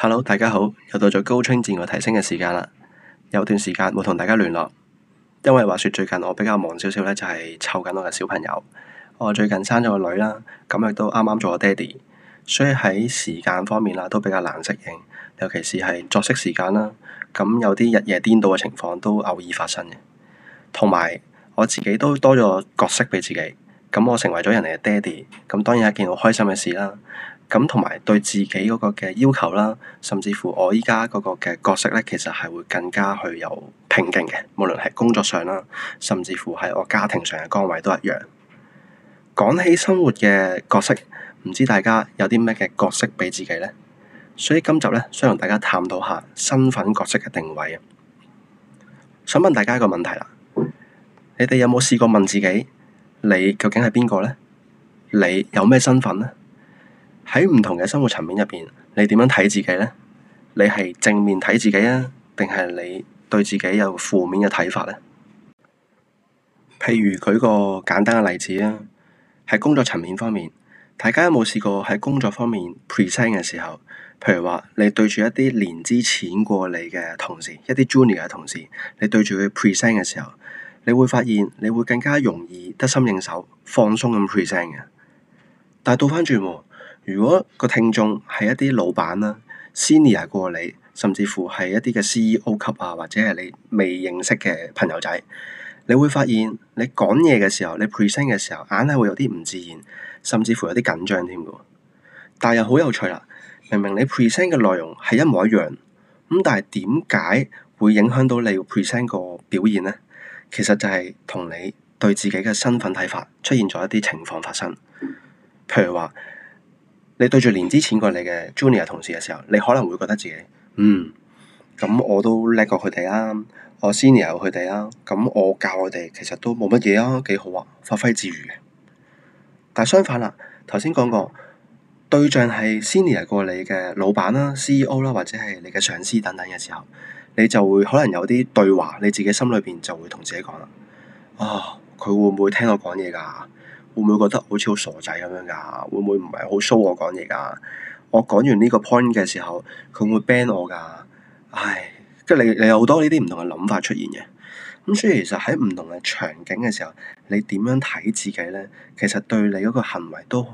Hello，大家好，又到咗高春自我提升嘅時間啦。有段時間冇同大家聯絡，因為話說最近我比較忙少少呢就係湊緊我嘅小朋友。我最近生咗個女啦，咁亦都啱啱做我爹哋，所以喺時間方面啦，都比較難適應，尤其是喺作息時間啦。咁有啲日夜顛倒嘅情況都偶爾發生嘅。同埋我自己都多咗個角色俾自己，咁我成為咗人哋嘅爹哋，咁當然係一件好開心嘅事啦。咁同埋對自己嗰個嘅要求啦，甚至乎我依家嗰個嘅角色咧，其實係會更加去有拼勁嘅，無論係工作上啦，甚至乎係我家庭上嘅崗位都一樣。講起生活嘅角色，唔知大家有啲咩嘅角色俾自己呢？所以今集咧，想同大家探討下身份角色嘅定位啊！想問大家一個問題啦：你哋有冇試過問自己，你究竟係邊個呢？你有咩身份呢？喺唔同嘅生活層面入邊，你點樣睇自己呢？你係正面睇自己啊，定係你對自己有負面嘅睇法呢？譬如舉個簡單嘅例子啊，喺工作層面方面，大家有冇試過喺工作方面 present 嘅時候？譬如話，你對住一啲年資淺過你嘅同事，一啲 junior 嘅同事，你對住佢 present 嘅時候，你會發現你會更加容易得心應手，放鬆咁 present 嘅。但係倒翻轉喎。如果個聽眾係一啲老闆啦、啊、senior 過你，甚至乎係一啲嘅 CEO 級啊，或者係你未認識嘅朋友仔，你會發現你講嘢嘅時候，你 present 嘅時候，硬係會有啲唔自然，甚至乎有啲緊張添㗎。但係又好有趣啦，明明你 present 嘅內容係一模一樣，咁但係點解會影響到你要 present 個表現呢？其實就係同你對自己嘅身份睇法出現咗一啲情況發生，譬如話，你對住年資淺過你嘅 junior 同事嘅時候，你可能會覺得自己，嗯，咁我都叻過佢哋啦，我 senior 佢哋啦，咁我教佢哋其實都冇乜嘢啊，幾好啊，發揮自如。但相反啦，頭先講過對象係 senior 過你嘅老闆啦、CEO 啦，或者係你嘅上司等等嘅時候，你就會可能有啲對話，你自己心裏邊就會同自己講啦，啊、哦，佢會唔會聽我講嘢噶？會唔會覺得好似好傻仔咁樣噶？會唔會唔係好騷我講嘢噶？我講完呢個 point 嘅時候，佢會 ban 我噶？唉，即係你你有好多呢啲唔同嘅諗法出現嘅。咁所以其實喺唔同嘅場景嘅時候，你點樣睇自己呢？其實對你嗰個行為都好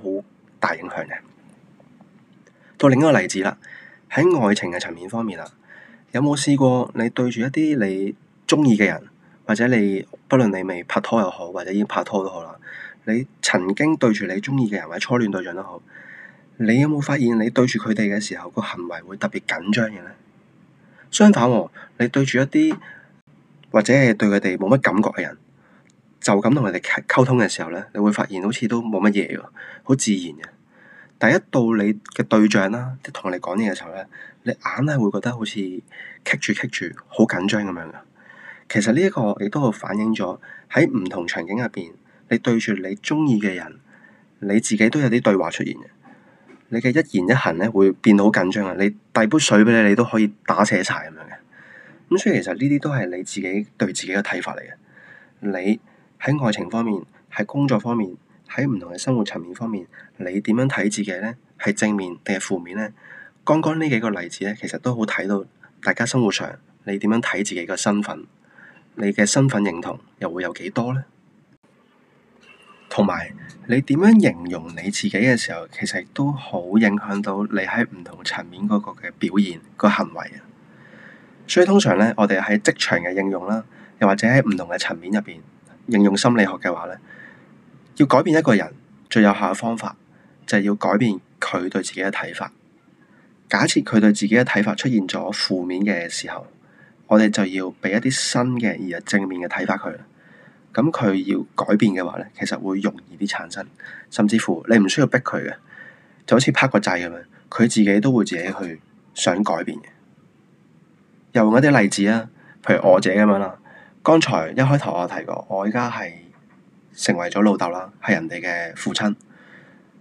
大影響嘅。到另一個例子啦，喺愛情嘅層面方面啦，有冇試過你對住一啲你中意嘅人，或者你不論你未拍拖又好，或者已經拍拖都好啦？你曾經對住你中意嘅人或者初戀對象都好，你有冇發現你對住佢哋嘅時候個行為會特別緊張嘅呢？相反，你對住一啲或者係對佢哋冇乜感覺嘅人，就咁同佢哋溝通嘅時候呢，你會發現好似都冇乜嘢嘅，好自然嘅。但一到你嘅對象啦，同你講嘢嘅時候呢，你硬係會覺得好似棘住棘住好緊張咁樣嘅。其實呢一個亦都好反映咗喺唔同場景入邊。你對住你中意嘅人，你自己都有啲對話出現嘅。你嘅一言一行咧，會變到好緊張嘅。你遞杯水俾你，你都可以打斜柴咁樣嘅。咁所以其實呢啲都係你自己對自己嘅睇法嚟嘅。你喺愛情方面，喺工作方面，喺唔同嘅生活層面方面，你點樣睇自己呢？係正面定係負面呢？剛剛呢幾個例子呢，其實都好睇到大家生活上你點樣睇自己嘅身份，你嘅身份認同又會有幾多呢？同埋，你點樣形容你自己嘅時候，其實都好影響到你喺唔同層面嗰個嘅表現、個行為啊！所以通常呢，我哋喺職場嘅應用啦，又或者喺唔同嘅層面入邊應用心理學嘅話呢，要改變一個人最有效嘅方法，就係要改變佢對自己嘅睇法。假設佢對自己嘅睇法出現咗負面嘅時候，我哋就要俾一啲新嘅而係正面嘅睇法佢。咁佢要改變嘅話呢，其實會容易啲產生，甚至乎你唔需要逼佢嘅，就好似拍個掣咁樣，佢自己都會自己去想改變嘅。又用一啲例子啦，譬如我自己咁樣啦，剛才一開頭我提過，我而家係成為咗老豆啦，係人哋嘅父親。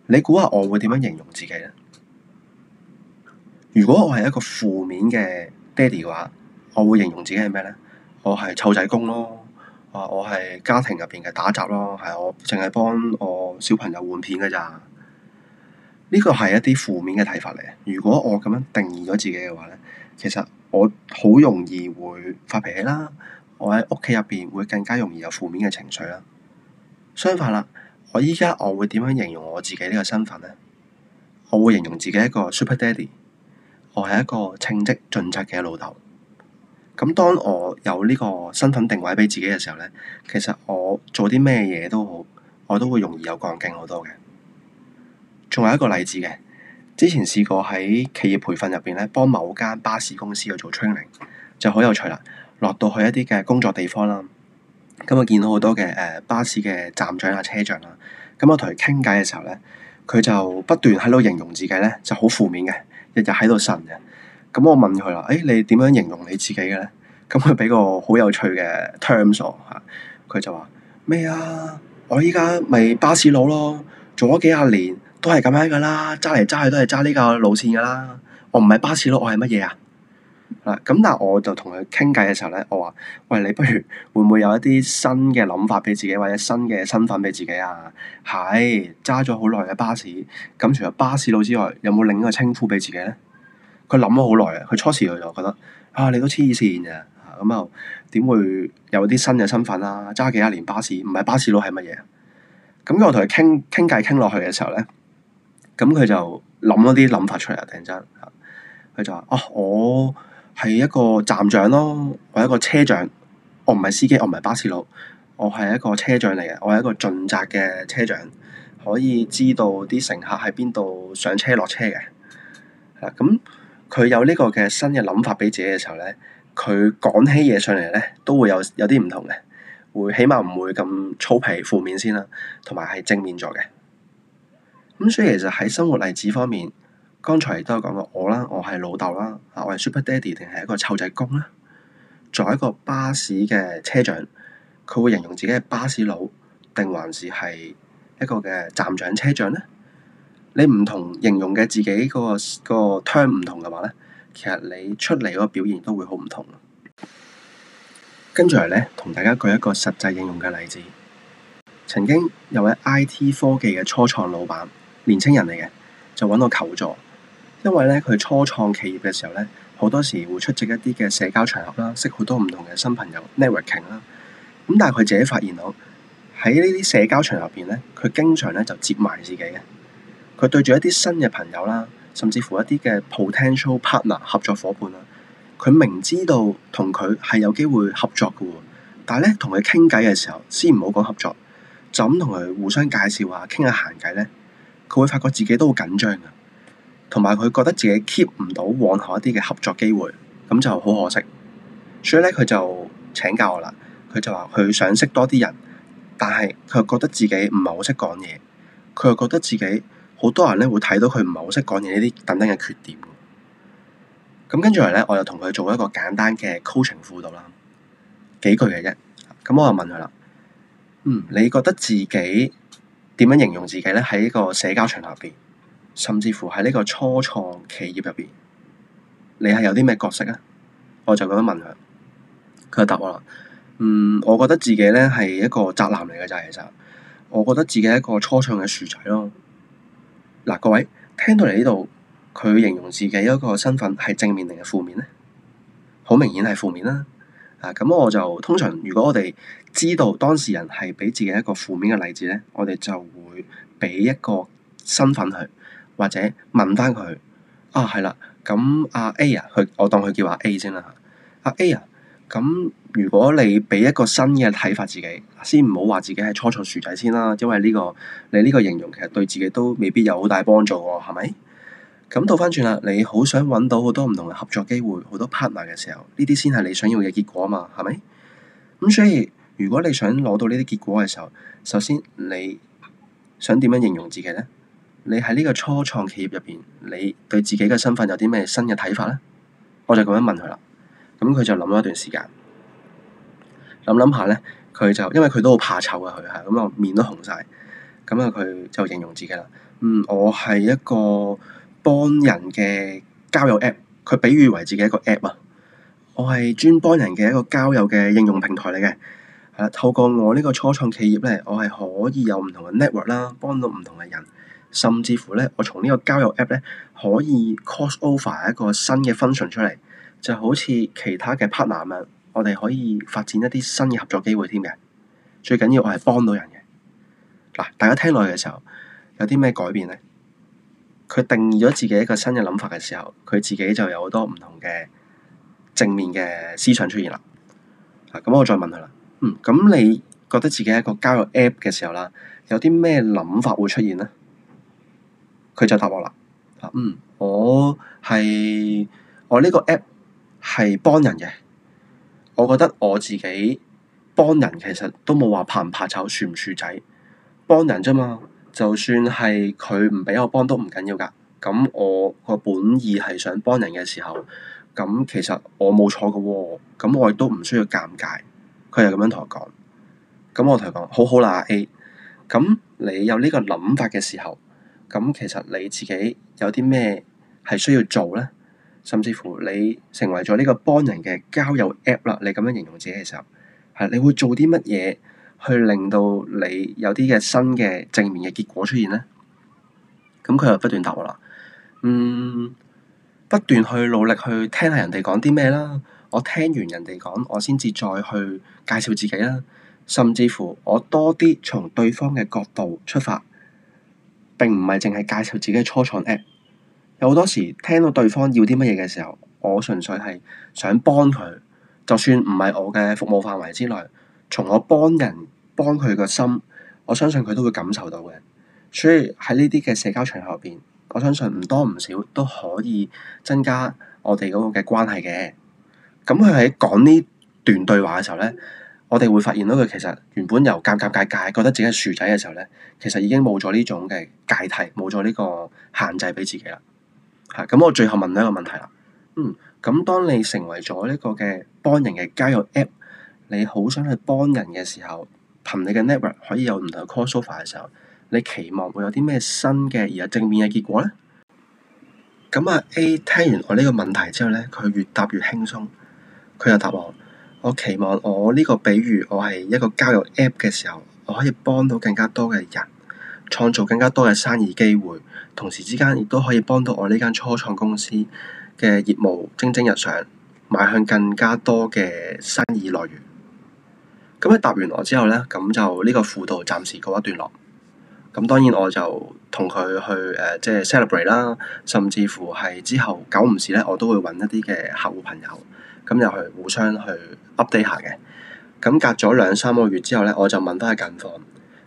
你估下我會點樣形容自己呢？如果我係一個負面嘅爹哋嘅話，我會形容自己係咩呢？我係湊仔公咯。啊！我係家庭入邊嘅打雜咯，係我淨係幫我小朋友換片㗎咋。呢個係一啲負面嘅睇法嚟。如果我咁樣定義咗自己嘅話呢，其實我好容易會發脾氣啦。我喺屋企入邊會更加容易有負面嘅情緒啦。相反啦，我依家我會點樣形容我自己呢個身份呢？我會形容自己一個 Super Daddy，我係一個稱職盡責嘅老豆。咁當我有呢個身份定位俾自己嘅時候呢，其實我做啲咩嘢都好，我都會容易有幹勁好多嘅。仲有一個例子嘅，之前試過喺企業培訓入邊呢，幫某間巴士公司去做 training，就好有趣啦。落到去一啲嘅工作地方啦，咁啊見到好多嘅巴士嘅站長啊車長啦，咁我同佢傾偈嘅時候呢，佢就不斷喺度形容自己呢就好負面嘅，日日喺度呻嘅。咁我問佢啦，誒、哎，你點樣形容你自己嘅咧？咁佢俾個好有趣嘅 term 咗吓，佢就話咩啊？我依家咪巴士佬咯，做咗幾廿年都係咁樣噶啦，揸嚟揸去都係揸呢個路線噶啦。我唔係巴士佬，我係乜嘢啊？嗱，咁但係我就同佢傾偈嘅時候咧，我話喂，你不如會唔會有一啲新嘅諗法俾自己，或者新嘅身份俾自己啊？係揸咗好耐嘅巴士，咁除咗巴士佬之外，有冇另一個稱呼俾自己咧？佢諗咗好耐啊！佢初時佢就覺得啊，你都黐線嘅吓，咁又點會有啲新嘅身份啦？揸幾廿年巴士，唔係巴士佬係乜嘢？咁、啊、我同佢傾傾偈傾落去嘅時候咧，咁、啊、佢就諗咗啲諗法出嚟啊！突然間，佢就話哦，我係一個站長咯、啊，我係一個車長，我唔係司機，我唔係巴士佬，我係一個車長嚟嘅，我係一個盡責嘅車長，可以知道啲乘客喺邊度上車落車嘅吓咁。啊啊啊佢有呢個嘅新嘅諗法俾自己嘅時候呢，佢講起嘢上嚟呢，都會有有啲唔同嘅，會起碼唔會咁粗皮負面先啦，同埋係正面咗嘅。咁所以其實喺生活例子方面，剛才都有講過我啦，我係老豆啦，我係 Super Daddy 定係一個湊仔公啦，作為一個巴士嘅車長，佢會形容自己係巴士佬，定還是係一個嘅站長車長呢？你唔同形容嘅自己嗰個嗰個 tone 唔同嘅話咧，其實你出嚟嗰個表現都會好唔同。呢，跟住嚟咧，同大家舉一個實際應用嘅例子。曾經有位 IT 科技嘅初創老闆，年青人嚟嘅，就揾我求助，因為咧佢初創企業嘅時候咧，好多時會出席一啲嘅社交場合啦，識好多唔同嘅新朋友 networking 啦。咁但係佢自己發現到喺呢啲社交場合入邊咧，佢經常咧就接埋自己嘅。佢對住一啲新嘅朋友啦，甚至乎一啲嘅 potential partner 合作伙伴啦，佢明知道同佢係有機會合作嘅喎，但係咧同佢傾偈嘅時候，先唔好講合作，就咁同佢互相介紹啊，傾下閒偈咧，佢會發覺自己都好緊張嘅，同埋佢覺得自己 keep 唔到往後一啲嘅合作機會，咁就好可惜。所以咧，佢就請教我啦。佢就話佢想識多啲人，但係佢又覺得自己唔係好識講嘢，佢又覺得自己。好多人咧會睇到佢唔係好識講嘢呢啲等等嘅缺點。咁跟住嚟咧，我又同佢做一個簡單嘅 coaching 輔導啦，幾句嘅啫。咁我就問佢啦，嗯，你覺得自己點樣形容自己咧？喺呢個社交場合入邊，甚至乎喺呢個初創企業入邊，你係有啲咩角色啊？我就咁樣問佢，佢就答我啦。嗯，我覺得自己咧係一個宅男嚟嘅，就係其實我覺得自己係一個初創嘅薯仔咯。嗱，各位聽到嚟呢度，佢形容自己一個身份係正面定係負面呢？好明顯係負面啦。啊，咁我就通常如果我哋知道當事人係俾自己一個負面嘅例子咧，我哋就會俾一個身份佢，或者問翻佢啊，係啦。咁阿 A 啊，佢我當佢叫阿 A 先啦嚇。阿 A 啊。咁如果你俾一個新嘅睇法自己，先唔好話自己係初創薯仔先啦，因為呢個你呢個形容其實對自己都未必有好大幫助喎，係咪？咁倒翻轉啦，你好想揾到好多唔同嘅合作機會，好多 partner 嘅時候，呢啲先係你想要嘅結果嘛，係咪？咁所以如果你想攞到呢啲結果嘅時候，首先你想點樣形容自己呢？你喺呢個初創企業入邊，你對自己嘅身份有啲咩新嘅睇法呢？我就咁樣問佢啦。咁佢就諗咗一段時間，諗諗下呢，佢就因為佢都好怕醜啊，佢係咁啊面都紅晒，咁啊佢就形容自己啦，嗯，我係一個幫人嘅交友 App，佢比喻為自己一個 App 啊，我係專幫人嘅一個交友嘅應用平台嚟嘅，係啦，透過我呢個初創企業呢，我係可以有唔同嘅 network 啦，幫到唔同嘅人，甚至乎呢，我從呢個交友 App 呢，可以 cross over 一個新嘅 function 出嚟。就好似其他嘅 partner 啊，我哋可以發展一啲新嘅合作機會添嘅。最緊要我係幫到人嘅。嗱，大家聽落嘅時候，有啲咩改變呢？佢定義咗自己一個新嘅諗法嘅時候，佢自己就有好多唔同嘅正面嘅思想出現啦。咁我再問佢啦。嗯，咁你覺得自己一個交友 app 嘅時候啦，有啲咩諗法會出現呢？佢就答我啦。嗯，我係我呢個 app。係幫人嘅，我覺得我自己幫人其實都冇話怕唔怕醜、處唔處仔，幫人啫嘛。就算係佢唔俾我幫都唔緊要噶。咁我個本意係想幫人嘅時候，咁其實我冇錯噶。咁我亦都唔需要尷尬。佢又咁樣同我講，咁我同佢講，好好啦 A。咁你有呢個諗法嘅時候，咁其實你自己有啲咩係需要做呢？甚至乎你成為咗呢個幫人嘅交友 App 啦，你咁樣形容自己嘅時候，係你會做啲乜嘢去令到你有啲嘅新嘅正面嘅結果出現呢？咁佢又不斷答我啦，嗯，不斷去努力去聽下人哋講啲咩啦，我聽完人哋講，我先至再去介紹自己啦，甚至乎我多啲從對方嘅角度出發，並唔係淨係介紹自己嘅初創 App。有好多時聽到對方要啲乜嘢嘅時候，我純粹係想幫佢，就算唔係我嘅服務範圍之內，從我幫人幫佢個心，我相信佢都會感受到嘅。所以喺呢啲嘅社交場合入邊，我相信唔多唔少都可以增加我哋嗰個嘅關係嘅。咁佢喺講呢段對話嘅時候呢，我哋會發現到佢其實原本由界界界界覺得自己係薯仔嘅時候呢，其實已經冇咗呢種嘅界題，冇咗呢個限制俾自己啦。吓，咁我最後問你一個問題啦。嗯，咁當你成為咗呢個嘅幫人嘅交友 App，你好想去幫人嘅時候，憑你嘅 network 可以有唔同嘅 call sofa 嘅時候，你期望會有啲咩新嘅而係正面嘅結果呢？咁啊 A 聽完我呢個問題之後呢，佢越答越輕鬆，佢又答我：我期望我呢個比如我係一個交友 App 嘅時候，我可以幫到更加多嘅人。創造更加多嘅生意機會，同時之間亦都可以幫到我呢間初創公司嘅業務蒸蒸日上，邁向更加多嘅生意來源。咁喺答完我之後呢，咁就呢個輔導暫時告一段落。咁當然我就同佢去誒、呃，即係 celebrate 啦，甚至乎係之後久唔時呢，我都會揾一啲嘅客戶朋友，咁又去互相去 update 下嘅。咁隔咗兩三個月之後呢，我就問翻佢近況。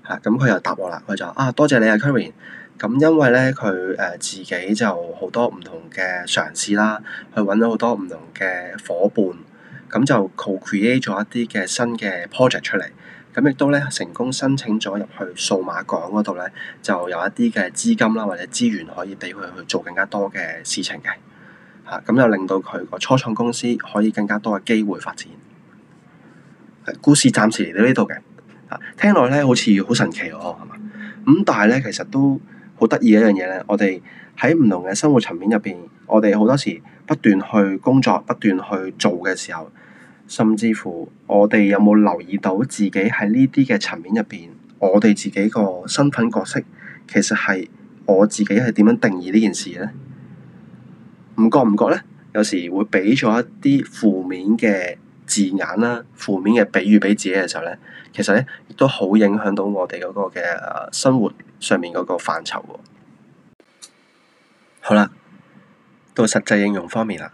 嚇咁佢又答我啦，佢就啊多謝你啊 Karin，咁因為咧佢誒自己就好多唔同嘅嘗試啦，去揾咗好多唔同嘅伙伴，咁就 co-create 咗一啲嘅新嘅 project 出嚟，咁亦都咧成功申請咗入去數碼港嗰度咧，就有一啲嘅資金啦或者資源可以俾佢去做更加多嘅事情嘅，嚇、啊、咁又令到佢個初創公司可以更加多嘅機會發展。故事暫時嚟到呢度嘅。啊，聽落咧好似好神奇哦，係嘛？咁但係咧，其實都好得意一樣嘢咧。我哋喺唔同嘅生活層面入邊，我哋好多時不斷去工作、不斷去做嘅時候，甚至乎我哋有冇留意到自己喺呢啲嘅層面入邊，我哋自己個身份角色，其實係我自己係點樣定義呢件事呢？唔覺唔覺呢？有時會俾咗一啲負面嘅。字眼啦、啊，負面嘅比喻俾自己嘅時候呢，其實呢亦都好影響到我哋嗰個嘅、呃、生活上面嗰個範疇喎，啊。好啦，到實際應用方面啦。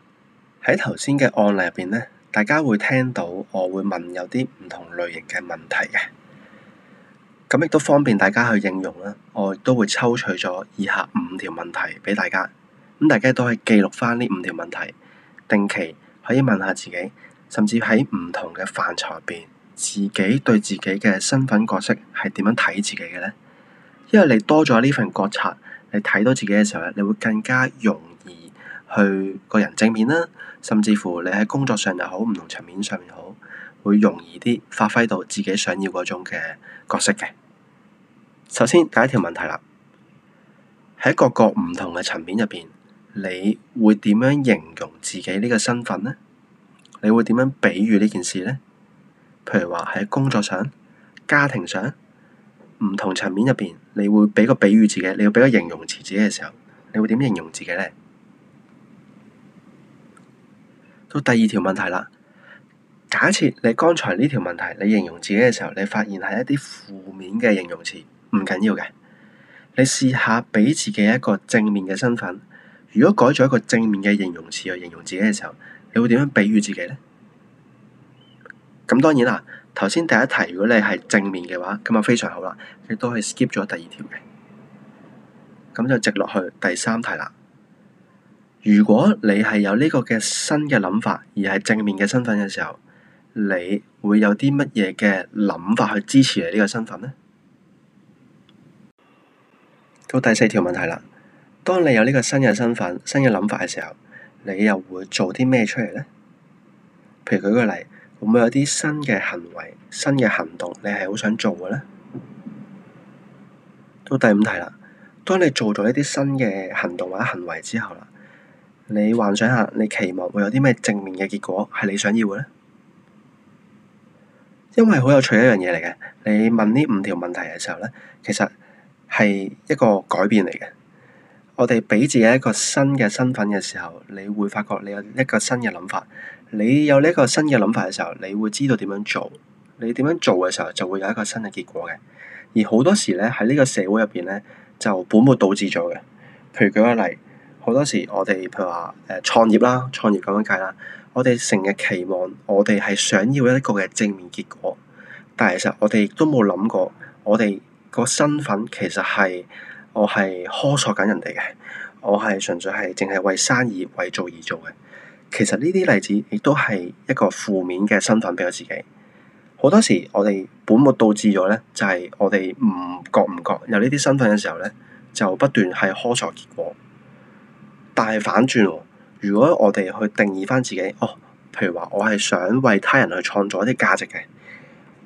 喺頭先嘅案例入邊呢，大家會聽到我會問有啲唔同類型嘅問題嘅。咁亦都方便大家去應用啦。我亦都會抽取咗以下五條問題俾大家。咁大家都可以記錄翻呢五條問題，定期可以問下自己。甚至喺唔同嘅範疇入邊，自己對自己嘅身份角色係點樣睇自己嘅呢？因為你多咗呢份覺察，你睇到自己嘅時候咧，你會更加容易去個人正面啦。甚至乎你喺工作上又好，唔同層面上面好，會容易啲發揮到自己想要嗰種嘅角色嘅。首先第一條問題啦，喺各個唔同嘅層面入邊，你會點樣形容自己呢個身份呢？你會點樣比喻呢件事呢？譬如話喺工作上、家庭上，唔同層面入邊，你會俾個比喻自己，你會俾個形容詞自己嘅時候，你會點形容自己呢？到第二條問題啦。假設你剛才呢條問題，你形容自己嘅時候，你發現係一啲負面嘅形容詞，唔緊要嘅。你試下俾自己一個正面嘅身份。如果改咗一個正面嘅形容詞去形容自己嘅時候。你會點樣比喻自己呢？咁當然啦，頭先第一題如果你係正面嘅話，咁啊非常好啦，你都可以 skip 咗第二條嘅。咁就直落去第三題啦。如果你係有呢個嘅新嘅諗法，而係正面嘅身份嘅時候，你會有啲乜嘢嘅諗法去支持你呢個身份呢？到第四條問題啦。當你有呢個新嘅身份、新嘅諗法嘅時候。你又會做啲咩出嚟呢？譬如舉個例，會唔會有啲新嘅行為、新嘅行動，你係好想做嘅呢？到第五題啦，當你做咗一啲新嘅行動或者行為之後啦，你幻想下，你期望會有啲咩正面嘅結果係你想要嘅呢？因為好有趣一樣嘢嚟嘅，你問呢五條問題嘅時候呢，其實係一個改變嚟嘅。我哋俾自己一個新嘅身份嘅時候，你會發覺你有一個新嘅諗法。你有呢個新嘅諗法嘅時候，你會知道點樣做。你點樣做嘅時候，就會有一個新嘅結果嘅。而好多時咧，喺呢個社會入邊咧，就本末倒置咗嘅。譬如舉個例，好多時我哋譬如話誒創業啦，創業咁樣計啦，我哋成日期望我哋係想要一個嘅正面結果，但係其實我哋亦都冇諗過，我哋個身份其實係。我係苛索緊人哋嘅，我係純粹係淨係為生意為做而做嘅。其實呢啲例子亦都係一個負面嘅身份俾我自己。好多時我哋本末倒置咗呢，就係我哋唔覺唔覺有呢啲身份嘅時候呢，就不斷係苛索結果。但係反轉，如果我哋去定義返自己，哦，譬如話我係想為他人去創造一啲價值嘅。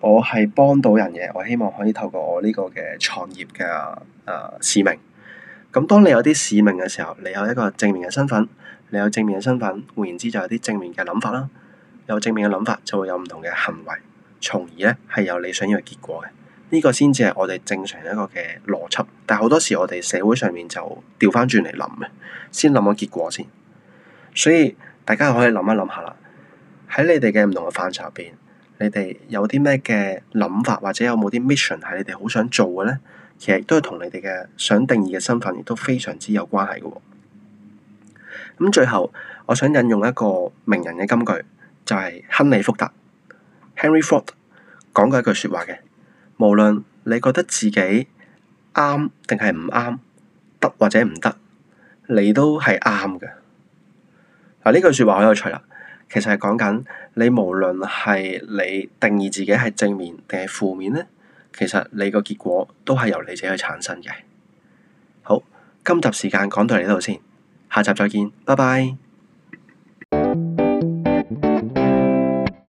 我係幫到人嘅，我希望可以透過我呢個嘅創業嘅誒、呃、使命。咁當你有啲使命嘅時候，你有一個正面嘅身份，你有正面嘅身份，換言之就有啲正面嘅諗法啦。有正面嘅諗法就會有唔同嘅行為，從而呢係有你想要嘅結果嘅。呢、這個先至係我哋正常一個嘅邏輯。但係好多時我哋社會上面就調翻轉嚟諗嘅，先諗個結果先。所以大家可以諗一諗下啦。喺你哋嘅唔同嘅範疇入邊，你哋有啲咩嘅諗法，或者有冇啲 mission 係你哋好想做嘅呢？其實都係同你哋嘅想定義嘅身份，亦都非常之有關係嘅。咁最後，我想引用一個名人嘅金句，就係亨利福特 h e n r y Ford） 講過一句說話嘅，無論你覺得自己啱定係唔啱，得或者唔得，你都係啱嘅。嗱、啊，呢句說話好有趣啦！其實係講緊你無論係你定義自己係正面定係負面咧，其實你個結果都係由你自己去產生嘅。好，今集時間講到呢度先，下集再見，拜拜。